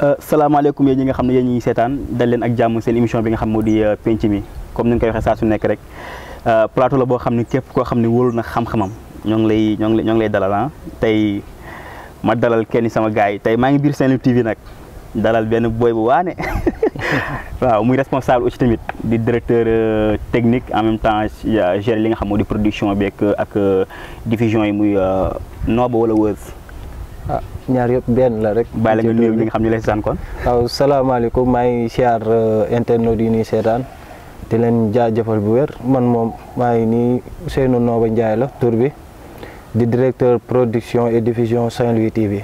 Euh, salaamaaleykum yéen ñi nga xam ne yéen ñuy seetaan dal leen ak jàmm seen émission bi nga xam moo di euh, penc mi comme ni ñu koy waxee saa su nekk rek euh, plateau la boo xam ne képp koo xam ne wóolu na xam-xamam ñoo ngi lay ñoo ngi lay dalal ah tey ma dalal kenn sama gars yi tey maa ngi biir seen louis TV nag dalal benn booy bu waane waaw muy responsable aussi tamit di directeur technique en même temps gérer li nga xam moo di production bi ak diffusion yi muy Nooba wala ah ñaar yëpp benn la rek. bàyyi la nga nuyu ñi xam ne lay seetaan kon. waaw salaamaaleykum maa ngi siyaar euh, internautes yi ñuy seetaan di leen jaajëfal bu wér man moom maa ngi nii Ousseynou Noba Ndiaye la tur bi di directeur production et diffusion Saint-Louis TV.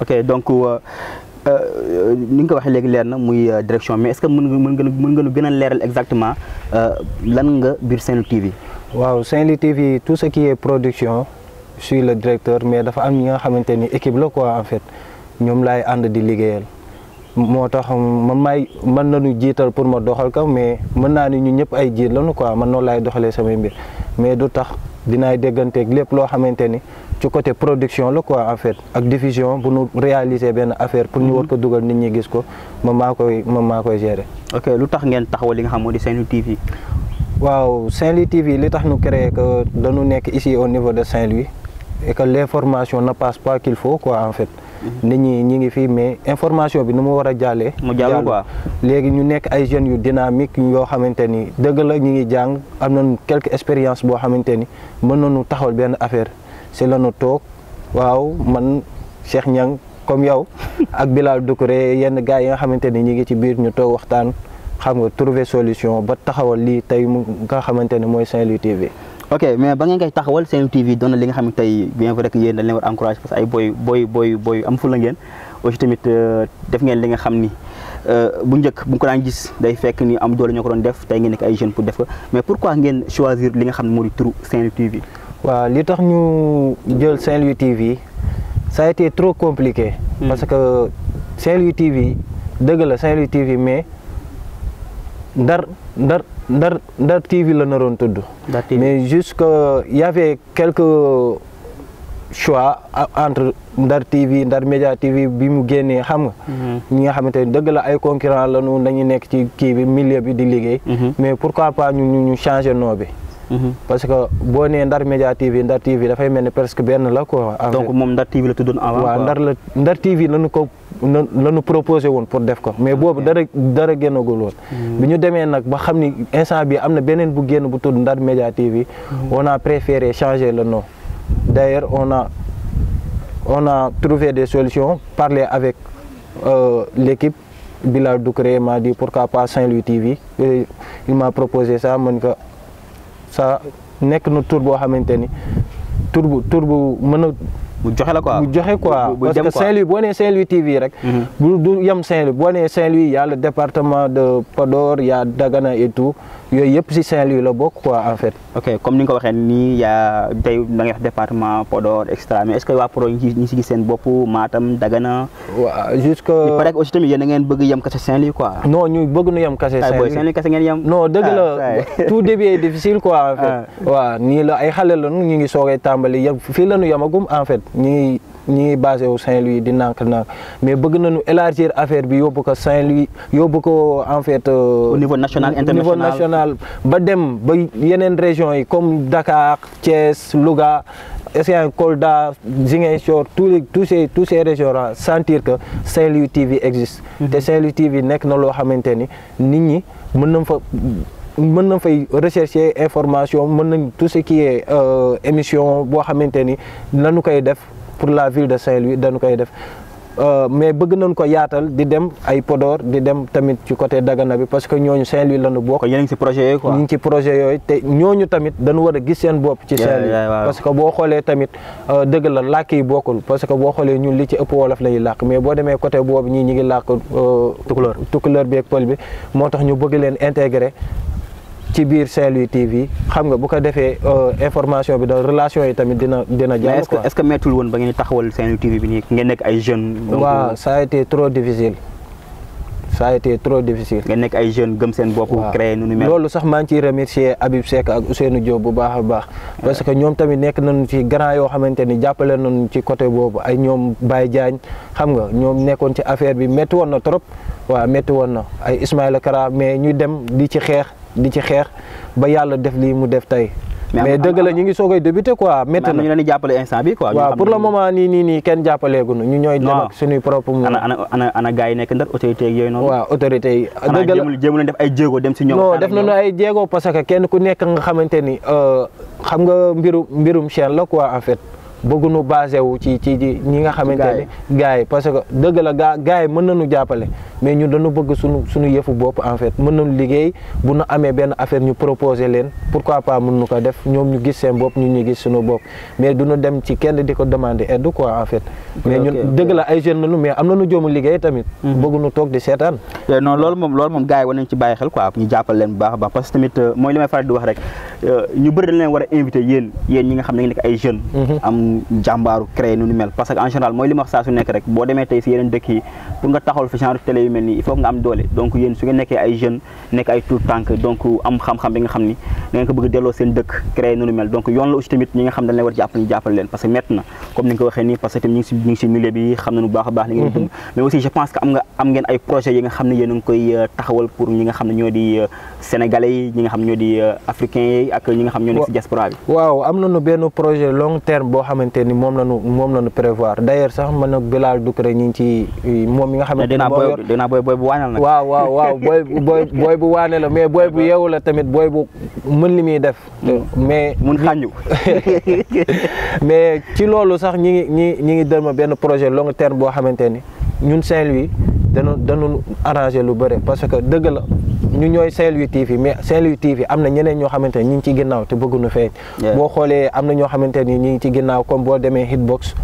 ok donc euh, euh, ni nga ko waxee léegi leer na muy direction mais est-ce que mën nga mën nga mën nga lu gën a leeral exactement lan nga biir Saint-Louis TV. waaw Saint-Louis TV tout ce qui est production. suis le directeur mais dafa am ñi nga équipe la quoi en fait Ñom lay and di liggéeyal Motax man may man nañu jiital pour ma doxal ko mais maintenant nous ni ñu ñëpp ay jiit lañu quoi man no lay doxalé sama mbir mais du tax dinaay dégganteeg lépp loo xamante ni ci côté production la quoi en fait ak diffusion pour nous réaliser bien affaire pour ñu mhm. war ko dugal nit ñi gis ko ma maa koy moom koy gérer. ok lu tax ngeen taxawal li nga xam modi Saint-Louis TV. waaw Saint-Louis TV li tax ñu créer que dañu nekk ici au niveau de Saint-Louis et que l'information ne passe pas qu'il faut quoi en fait. nit ñi ñi ngi mais information bi nous wara jalé a mu quoi légui ñu nek ay jeunes yu dynamique yo xamanteni deug la ñi ngi jang amna quelques expériences bo xamanteni xamante mën nañu taxawal ben affaire c'est la tok waaw man Cheikh ñang comme yow ak Bilal Doucouré yenn gars yo xamanteni ñi ngi ci biir ñu tok waxtaan xam nga trouver solution ba taxawal li tay nga xamanteni moy Saint-Louis TV ok mais ba ngeen koy taxawal sen TV doon na li nga xam tay bien vrai que yéen dañ leen war encourage parce que ay boy boy boy boy am la ngeen aussi tamit euh, def ngeen li nga xamni euh bu njëkk bu ko daan gis day fekk ni am doole ñoko ko doon def tay ngeen nek ay jeune pour def ko mais pourquoi ngeen choisir li nga xam ne di turu Saint-Louis TV. wa li tax ñu jël Saint-Louis TV ça a été trop compliqué. Hmm. parce que Saint-Louis TV deug la Saint-Louis TV mais. Ndar Ndar Ndar Ndar TV la naroon tudd. mais juste que y avait quelques choix entre Ndar TV Ndar Média TV bi mu génnee xam nga. Mhm. ñi nga xamante ne dëgg la ay concurrent la ñu dañuy nekk ci kii bi milieu bi di liggéey. Mhm. mais pourquoi pas ñu ñu ñu changer nom mhm. parce que boo nee Ndar Média TV Ndar TV dafay mel ni presque benn la quoi. donc moom Ndar TV la tuddoon avant. waaw Ndar la Ndar ko. Nous la ñu pour def ko mais boobu dara dara génnagul choses. Hmm. bi ñu demee ba xam bi bu Média TV. Hmm. on a préféré changer le nom. D'ailleurs, on a on a trouvé des solutions parler avec euh, l'équipe. Ducré Bilal m'a dit pourquoi pas Saint-Louis TV Et il m'a proposé ça man ko ça n'est que notre boo ni mu joxe la ko mu joxe quoi parce que Saint-Louis boo nee Saint-Louis bu mhm. du Saint-Louis boo nee Saint-Louis département de Podor y a Dagana et tout yooyu si Saint-Louis la bokk quoi en fait. ok comme ni nga ko waxee nii y a tey da ngay wax département Podor et cetera mais est ce que waa Podor si gis seen bopp Matam Dagana. waaw jusque il paraît aussi tamit yéen bëgg yem kese Saint-Louis quoi. non ñu nu yem kese Saint-Louis Saint-Louis kese ngeen yem. non dëgg la ah, tout début est difficile quoi en fait. Ah. nii la ay xale la ñu ngi soogay tàmbali yem fii la ñu yemagum en fait. ni ni basé au Saint-Louis di nànk-nànk mais bëgg nañu élargir affaire bi yóbbu ko Saint-Louis yóbbu ko en fait. Euh, au niveau national international niveau national ba dem ba yenen régions yi comme Dakar Thiès Louga. Essien Kolda Ziguinchor tous tous ces tous ces régions là sentir que Saint-Louis TV existe. Mm-hmm. Et Saint-Louis TV nous na loo xamante ni nit ñi mën na fay rechercher information mën nañ tout ce qui est euh, émission bo xamante ni nanu koy def pour la ville de Saint-Louis dañu koy def euh, mais bëgg nañ ko yaatal di dem ay Podor di dem tamit ci côté Dagana bi parce que ñooñu Saint-Louis lañu ñu bokk. ci projet yooyu quoi. ñu ci projet yoy té ñooñu tamit dañu wara a gis seen bopp. ci Saint-Louis parce que bo xolé tamit euh deug la làkk yi bokkul parce que bo xolé ñun li ci ëpp wolof la ñuy mais bo démé côté bop ñi ñi ngi euh tukkuleur tukkuleur bi ak pël bi motax ñu bëgg leen intégrer. ci biir Saint-Louis TV xam nga bu ko defee euh, information bi da relation yi tamit dina dina jàll quoi est-ce que woon ba ngeen taxawal saint bi nii ngeen ay jeunes waaw ça a été trop difficile ça ngeen nekk ay jeunes gëm seen bopp créé nu mel loolu sax maa ngi ciy remercier Habib Seck ak Ousseynou Diop bu baax a baax parce que ñoom tamit nekk nañu ci grand yoo xamante ni jàppale nañu ci côté boobu ay ñoom Baye Diagne xam nga ñoom nekkoon ci affaire bi métti woon na trop waaw métti woon na ay Ismaïla Kara mais ñu dem di ci xeex di ci xeex ba yàlla def lii mu def tey. mais dëgg la ñu ngi soogay débuté quoi métti na ñu leen di jàppale instant bi quoi. waaw pour le moment nii ken nii kenn jàppaleeguñu ñu ñooy dem ak suñuy propre ana ana ana gars yi nekk ndax autorité yooyu noonu autorité yi dëgg la def ay jéego dem si ñoom non def nañu ay jéego parce que kenn ku nekk nga xamante ni euh, xam nga mbirum mbirum chaîne la quoi en fait bëgguñu basé wu ci ci ñi nga xam ne gars yi que dëgg la gaa gars yi mën nañu jàppale mais ñu dañu bëgg suñu suñu yëfu bopp en fait mën nañu liggéey bu ñu amee benn affaire ñu proposé leen pourquoi pas mën ko def ñoom ñu gis seen bopp ñu ñu gis suñu bopp mais duñu dem ci kenn di ko demander aide quoi en fait mais ñun dëgg la ay jeunes lañu mais am nañu joomu liggéey tamit mm-hmm. bëgguñu toog di seetaan eh, non loolu moom loolu moom gars yi war nañ ci bàyyi xel quoi a baax parce que tamit euh, mooy li may faral di wax rek euh, ñu bëri leen war a invité yéen ñi nga xam ne nekk ay jeunes mm-hmm. ñu jàmbaaru créer nu mel parce que en général mooy li ma saa su nekk rek boo demee tey si yeneen dëkk yi pour nga taxawal fi genre télé yu mel nii il faut nga am doole donc yéen su nga xam-xam bi nga xam ni da ngeen nga xam dañ ñu nga ko waxee nii ñu nga xam ne yéen a koy euh, taxawal pour ñi nga xam ne ñoo di euh, sénégalais yi ñi nga xam ñoo di euh, africains yi ak ñi nga xam ñoo nekk si diaspora waaw am na nañu benn projet long terme boo xamante ni moom lañu moom lañu prévoir d' sax sax man ak Bilal rek ñu ngi ci euh, moom mi nga xamante ni moo yor dinaa booy booy bu waanal nag. waaw waaw waaw booy booy booy la mais booy bu yeewu la tamit booy bu mën li muy def. Mm. mais mun xàññu. ci loolu sax ñi ngi ñi ñi ngi dërma benn projet long terme boo xamante ni ñun Saint-Louis danu danu arrangé lu bëre parce que dëgg la. ñu ñooy Saint-Louis TV mais Saint-Louis TV am na ñeneen ñoo xamante ne ñu ngi ci ginnaaw te bëgguñu feeñ boo xoolee am na ñoo xamante ni ñu ngi ci ginnaaw comme boo demee Hitbox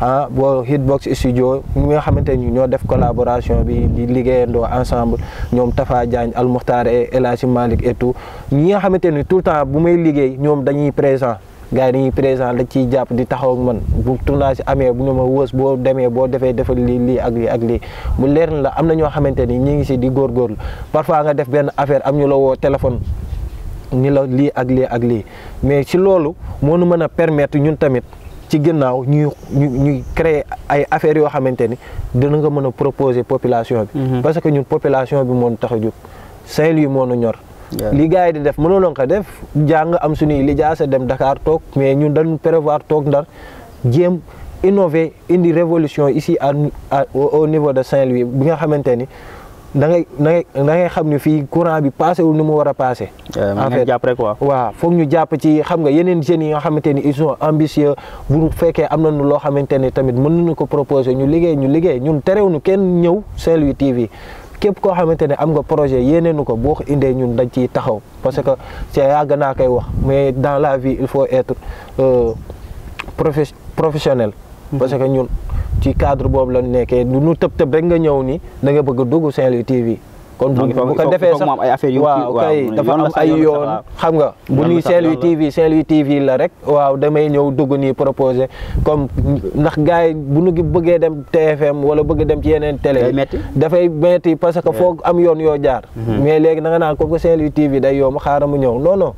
ah boo Hitbox studio ñi nga xamante ni ñoo def collaboration bi di liggéeyandoo ensemble ñoom jaañ al Almuxtaar et El Hadji Malick e tout ñi nga xamante ni tout le temps bu may liggéey ñoom dañuy présent gars yi dañuy présent la ciy jàpp di taxaw ak man bu tournage amee bu ne ma wës boo demee boo defee defal lii lii ak lii ak lii mu leer na la am na ñoo xamante ni ñi ngi si di góorgóorlu parfois nga def benn affaire am ñu la woo téléphone ni la lii ak lii ak lii mais si loolu moo nu mën a permettre ñun tamit ci ginnaaw ñuy ñu ñuy créer ay affaires yoo xamante ni dina nga mën a proposer population bi mm-hmm. parce que ñun population bi moo nu tax a jóg Saint-Louis moo nu ñor li gars yi di def mënoon ko def jàng am suñuy jaasa dem Dakar toog mais ñun dañu prévoir toog ndar jéem innover indi révolution ici à au niveau de Saint-Louis bi nga xamante ni da ngay da ngay ngay xam ne fii courant bi passé wul ni mu war a passé. en fait jàpp rek quoi. ñu jàpp ci xam nga yeneen jeunes yi nga xamante ni ils sont ambitieux fekkee am nañu loo xamante ni tamit mën nañu ko proposé ñu liggéey ñu liggéey ñun terewuñu kenn ñëw Saint-Louis TV. képp koo xamante ne am nga projet yéeneenu ko boo ko indee ñun dañ ciy taxaw parce que c'est yàgg naa koy wax mais dans la vie il faut être euh, professionnel mm-hmm. parce que ñun ci cadre boobu la nekkee nu tëb tëb rek nga ñëw nii da nga bëgg a dugg Saint-Louis TV kon bu ko defee sax ay affaire yu waaw kay dafa am ay yoon xam nga bu ñuy Saint-Louis TV Saint-Louis TV la rek waaw damay ñëw dugg nii proposé comme ndax gars yi bu ñu bëggee dem TFM wala bëgg dem ci yeneen télé dafay metti parce que foog am yoon yoo jaar mm-hmm. mais léegi na naan comme que Saint-Louis TV day yomb xaaral mu ñëw noonoo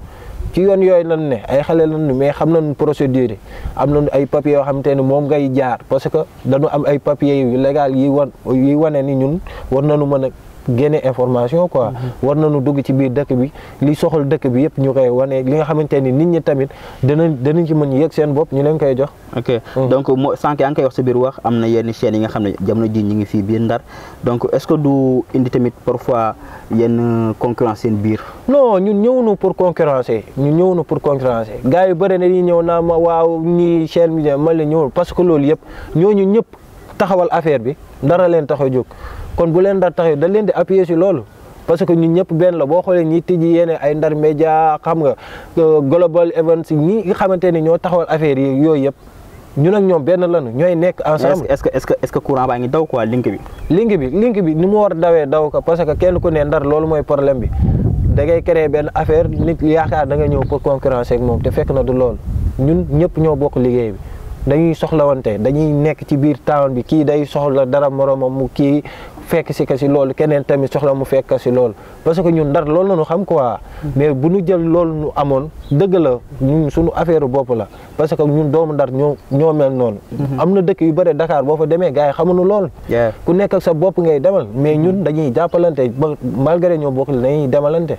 ci yoon yooyu lan ne ay xale lan ne mais xam nañu procédure yi am nañu ay papiers yoo xamante ne moom ngay jaar parce que dañu am ay papiers yu légal yi wan yi wane ni ñun war nu mën a génne information quoi mhm. war na nañu dugg ci biir dëkk bi li soxal dëkk bi yëpp ñu koy wane li nga xamante ni nit ñi tamit danañ danañ ci mën yëg seen bopp ñu leen koy jox ok mhm. donc moo sànq yaa ngi koy sa biir wax am na yenn chaînes yi nga xam ne jamono ji ñu ngi fii biir Ndar donc est-ce que du indi tamit parfois yenn concurrence seen biir non ñun ñëwnu pour concurrencer ñun ñëwnu pour concurrencer gars yu bëri na ñi ñëw naa ma waaw ñu chaîne bi ma la ñëwul parce que loolu yëpp ñoo ñu ñëpp taxawal affaire bi ndara leen tax a jóg kon bu leen dara taxee da leen di appuyer si lolu parce que ñun ñëpp ben la boo xoolee ñi tijji yéene ay ndar média xam nga euh, global events ñi nga xamante ne ñoo taxawal affaire yi yooyu yëpp ñun ak ñoom benn lanu ñooy nekk ensemble. est ce que est ce que est ce que courant baa ngi daw quoi link bi. link bi link bi ni mu war a dawee daw ko parce que kenn ku ne ndar loolu mooy problème bi da ngay créer benn affaire nit yaakaar da nga ñëw pour concurrence ak moom te fekk na du loolu ñun ñëpp ñoo bokk liggéey bi. dañuy soxlawante dañuy nekk ci biir town bi kii day soxla dara mu ki fekk si ka si loolu keneen tamit soxla mu fekk si loolu parce que ñun ndar loolu la ñu xam quoi. mais bu ñu jël loolu ñu amoon dëgg la ñun suñu affaire bopp la parce que ñun doomu ndar ñoo ñoo mel noonu. Mhm. am na dëkk yu bëri Dakar boo fa demee gars yi nu lool. ku nekk ak sa bopp ngay demal mais ñun dañuy jàppalante ba malgré ñoo bokk dañuy demalante.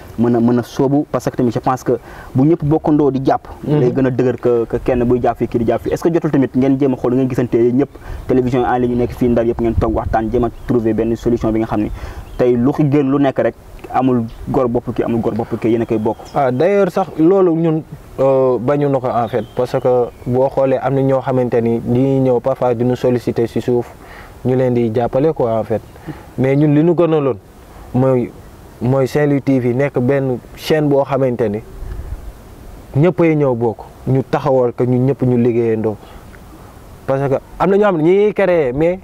mën a mën a sóobu parce que tamit je pense que bu ñëpp bokkandoo di jàpp lay mhm. gën a dëgër que kenn buy jàpp fii kii di jàpp fii est que jotul tamit ngeen jéem a xool ngeen gisante ñëpp télévision en ligne nekk rek amul gor bopp ki amul gor bopp ki yéen a bokk ah d'ailleurs sax loolu ñun euh, bañu na ko en fait parce que boo xoolee am na ñoo xamante ni dañuy ñëw parfois duñu solliciter si suuf ñu leen di jàppale quoi en fait mais ñun li ñu gënaloon mooy Saint-Louis TV nekk benn chaîne boo xamante ni ñëppay ñëw bokk ñu taxawal ko ñu ñëpp ñu liggéeyandoo parce que am na ñoo xam ne ñi ngi créé mais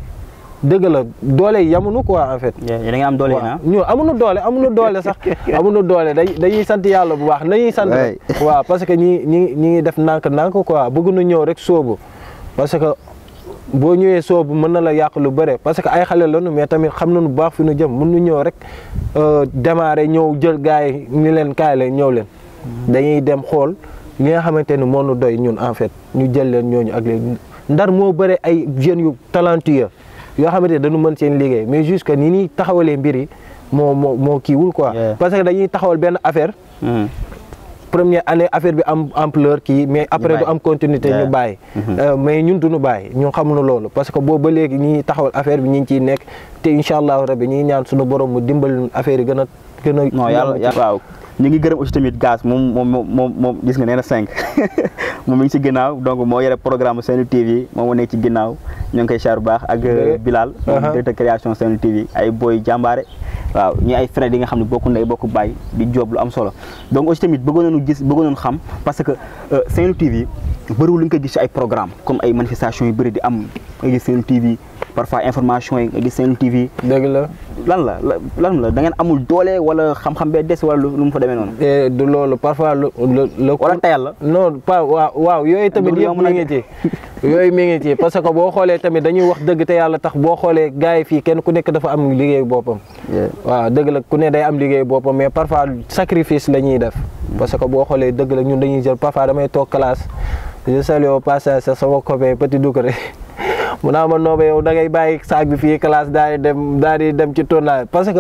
dëgg na doole yi yamuñu quoi en fait. da nga am doole ah. ñu amuñu doole amuñu doole sax amuñu doole dañuy sant yàlla bu baax nañuy sant. waaw parce que ñi ñi ñi ngi def nànk-nànk quoi bëgg nu ñëw rek sóobu parce que. boo ñëwee soobu mën na la yàq lu bare parce que ay xale lañu mais tamit xam nañu baax fu nu jëm mën nu ñëw rek euh, démarrer ñëw jël gars yi ni leen kaay leen ñëw leen. dañuy dem xool li nga xamante ni moo nu doy ñun en fait ñu jël leen ñooñu ak léegi ndar moo bëre ay jeunes yu talentueux yoo xamante ne dañu mën seen liggéey mais juste que nii ñuy taxawalee mbir yi moo moo moo kiiwul quoi. parce que dañuy taxawal benn affaire. Mm. première année affaire bi am ampleur kii mais après du am continuité ñu bàyyi mm-hmm. euh, mais ñun duñu bàyyi ñun xamuñu loolu parce que boobu ba léegi ñi ngi taxawal affaire bi ñi ngi ciy nekk te incha allahu rabi ñi ngi ñaan suñu borom mu dimbali affaire yi gën a gën a non ngi gërëm aussi tamit gaz moom moom moom moom gis nga nee na cinq moom mi ngi si ginnaaw donc moo yore programme Saint Louis TV moom moo nekk ci ginnaaw ñoo ngi koy char bu baax ak Bilal moom uh-huh. directeur création Saint Louis TV ay booy jàmbaare waaw ñu ay frères yi nga xam ne bokk ndey bokk baay di job lu am solo donc aussi tamit bëggoon nañu gis bëggoon nañu xam parce que euh, Saint-Louis yi bëriwul lu ñu koy gis ay programme comme ay manifestation yu bëri di am nga gis seen TV parfois information yi nga gis seen TV. dëgg la lan la lan la da ngeen amul doole wala xam-xam bee des wala lu mu fa demee noonu. Eh, du loolu parfois lu lu. wala la non pas waaw waaw yooyu tamit yëpp mi ngi ci yooyu ma ngi ci parce que boo xoolee tamit dañuy wax dëgg yàlla tax boo xoolee yi fii kenn ku nekk dafa am liggéey boppam. waaw dëgg la ku ne day am liggéey boppam mais parfois sacrifice la ñuy def. parce que boo xoolee dëgg la ñun dañuy jël parfois damay toog classe. je salio au passage sa sama copain Petit Doucouré mu naa ah, ma nooba yow da ngay bàyyi saag bi fii classe daal dem daal di dem ci tournage parce que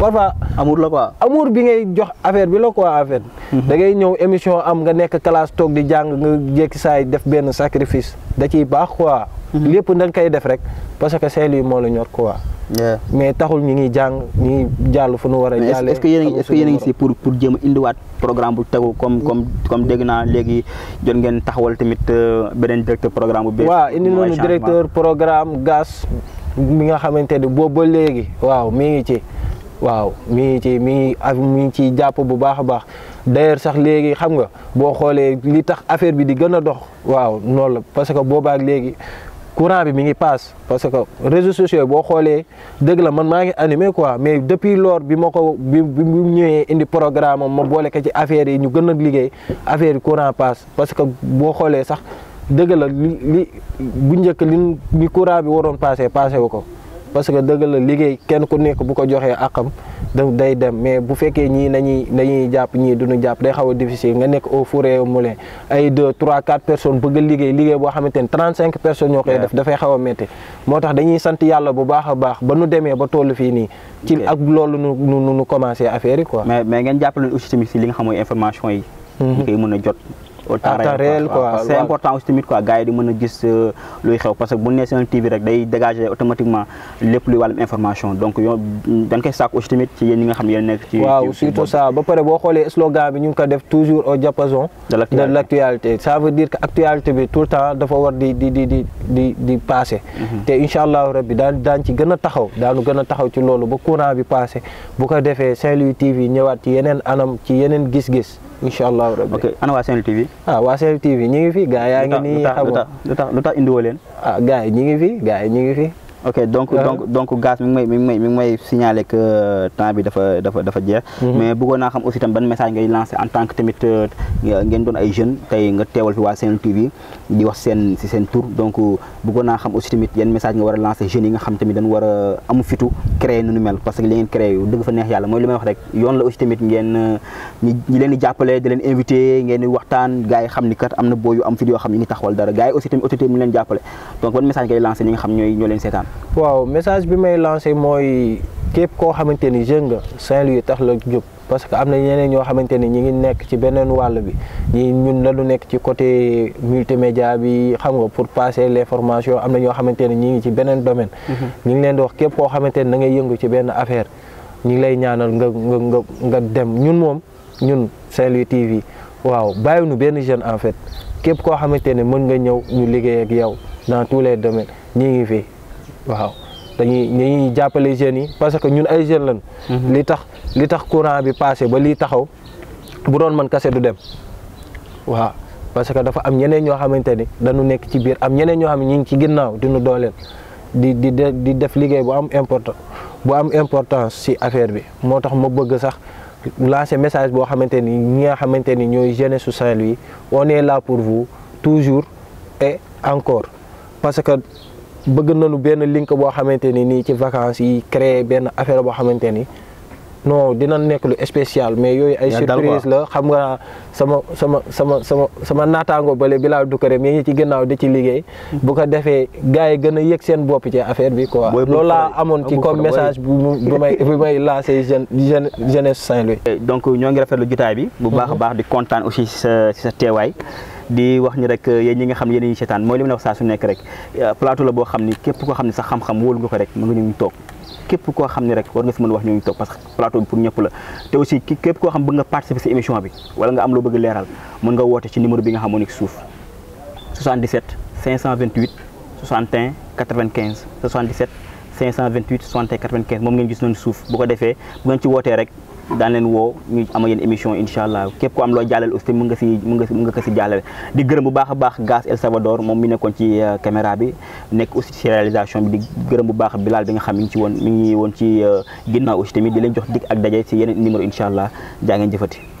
parfois. amour la quoi amour bi ngay jox affaire bi la ko en fait. Mhm. da ñëw émission am nga nekk classe toog di jàng nga jékki saay def benn sacrifice da ciy baax quoi. Mhm. lépp da nga koy def rek. parce que Saint-Louis moo la ñor quoi. mais taxul ñu ngi jàng ñu jàll fu nu est-ce que est-ce que si pour pour jéem a indiwaat programme bu tegu comme comme comme dégg naa léegi jot ngeen taxawal tamit euh, directeur programme bu bees waaw indi nañu directeur programme gas mi nga xamante ne boobu ba léegi waaw mi ngi ci waaw mi ngi ci mi ak mi ngi bu baax baax d'ailleurs sax léegi xam nga boo xoolee li tax affaire bi di gën dox waaw noonu parce que courant bi mi ngi paas parce que réseaux sociaux boo xoolee dëgg la man maa ngi animé quoi mais depuis lors bi moo ko bi mu ñëwee indi programme am ma boole ko ci affaire yi ñu gën a liggéey affaire yi courant paas parce que boo xoolee sax dëgg la li bu njëkk li ni courant bi waroon paasee paase wu ko. parce que dëgg la liggéey kenn ku nekk bu ko joxee àqam day dem mais bu fekkee ñii nañuy dañuy jàpp ñii duñu jàpp day xaw a difficile nga nekk au four et au moulin ay deux trois quatre personnes bëgg a liggéey liggéey boo xamante ni trente cinq personnes ñoo koy def dafay xaw a métti moo tax dañuy sant yàlla bu baax a baax ba nu demee ba toll fii nii ci ak loolu nu nu nu commencé affaire yi quoi mais mais ngeen jàppale aussi tamit si li nga xam mooy information yi mhm. ñu koy mën a jot au temps réel quoi c'est important aussi tamit quoi gars yi di mën a gis euh, luy xew parce que bu nee un TV rek day dégager automatiquement lépp luy wàllum information donc yow dañ koy sàkk aussi tamit ci yéen ñi nga xam ne yéen ci waaw surtout ça ba pare boo xoolee slogan bi ñu ko def toujours au japon de l'actualité ça veut dire que actualité bi tout le temps dafa war di di di di di di passé mhm. te incha allahu rabbi daan daan ci gën a taxaw daanu gën a taxaw ci loolu ba courant bi passé bu ko defee Saint-Louis TV ñëwaat ci yeneen anam ci yeneen gis-gis incha allahu rabbi ana waa saint TV. ah waa saint TV ñu ngi fi ga yaa ngi nii. xam nga lu tax lu tax indiwoo leen. ah gars yi ñu ngi fi gars yi ñu ngi fi. ok donc donc donc gaz mi ngi may mi ngi may mi ngi may signaler que euh, temps bi dafa dafa dafa jeex. Mhm. mais bëggoon naa xam aussi tam ban message ngay lancer en tant que tamit euh, ngeen doon ay jeunes tey euh, message nga war a lancer jeunes nga xam tamit dañu war a amu fitu créer nu nu mel parce que li créer yu dëgg fa neex yàlla mooy li may wax rek yoon la aussi tamit ngeen ñi leen jàppale di invité ngeen waxtaan gars yi xam ni kat am na boo am fit yoo xam ñu ngi taxawal dara gars yi aussi tamit autorité mi leen jàppale donc ban message nga leen seetaan waaw message bi may lancé mooy képp koo xamante ni jeune nga Saint-Louis tax la jóg parce que am na ñeneen ñoo xamante ni ñi ngi nekk ci beneen wàll bi ñi ñun dañu nekk ci côté multimédia bi xam nga pour passer l'information am na ñoo xamante ni ñi ngi ci beneen domaine mhm. ñu ngi leen di wax képp koo xamante ni da yëngu ci benn affaire ñi ngi lay ñaanal nga nga nga nga dem ñun moom ñun Saint-Louis TV waaw nu benn jeune en fait képp koo xamante ne mën nga ñëw ñu liggéey ak yow dans les domaines ñi ngi fi waaw dañuy dañuy jàppale jeunes yi parce que ñun ay jeunes lañ. Mhm. li tax li tax courant bi passé ba li taxaw bu doon man kase du dem waaw parce que dafa am ñeneen ño xamanteni dañu nekk ci biir am ñeneen ño xam ne ci ginnaw dinu di di di def liguey bu am important bu am importance ci affaire bi motax mo bëgg sax lancer message bo xamanteni ñi nga xamante ni jeunesse Saint-Louis on est là pour vous toujours et encore parce que bëgg nañu benn link boo xamante ni nii ci vacances yi créer benn affaire boo xamante ni non dina nekk lu spécial mais yooyu ay surprise la xam nga sama sama sama sama sama naataango bële bi laa dukkare mais ñi ci ginnaaw di ci liggéey bu ko defee gars yi gën a yëg seen bopp ci affaire bi quoi loolu laa amoon ci comme message bu may bu may lancé jeune jeunesse Saint-Louis donc ñoo ngi rafetlu jotaay bi bu baax a mhm. baax di kontaan aussi sa sa teewaay di wax ni rek yéen ñi nga xam ne yéen ñi seetaan mooy li ma wax saa su nekk rek plateau la boo xam ni képp koo xam ne sax xam-xam wóolu nga ko rek mën nga ñu toog koo xam ne rek war nga fi mën wax ñooñu toog parce que plateau bi pour ñëpp la te aussi képp koo xam bëgg nga participer si émission bi wala nga am loo bëgg leeral mën nga woote ci numéro bi nga xam moo nekk suuf 77 528 61 95 77 528 60 95 moom ngeen gis noonu suuf bu ko defee bu ngeen ci wootee rek daan leen woo ñu ama yéen émission insha allah képp ko am loo jàllale aussi mën nga si mën di gërëm bu baax a baax gaz El Salvador moom mi nekkoon ci euh, caméra bi nekk aussi ci bi di bu baax Bilal bi nga xam mi ngi ci woon mi ngi woon ci euh, tamit di leen jox dig ak daje si yenn numéro insha allah jaa ngeen jëfati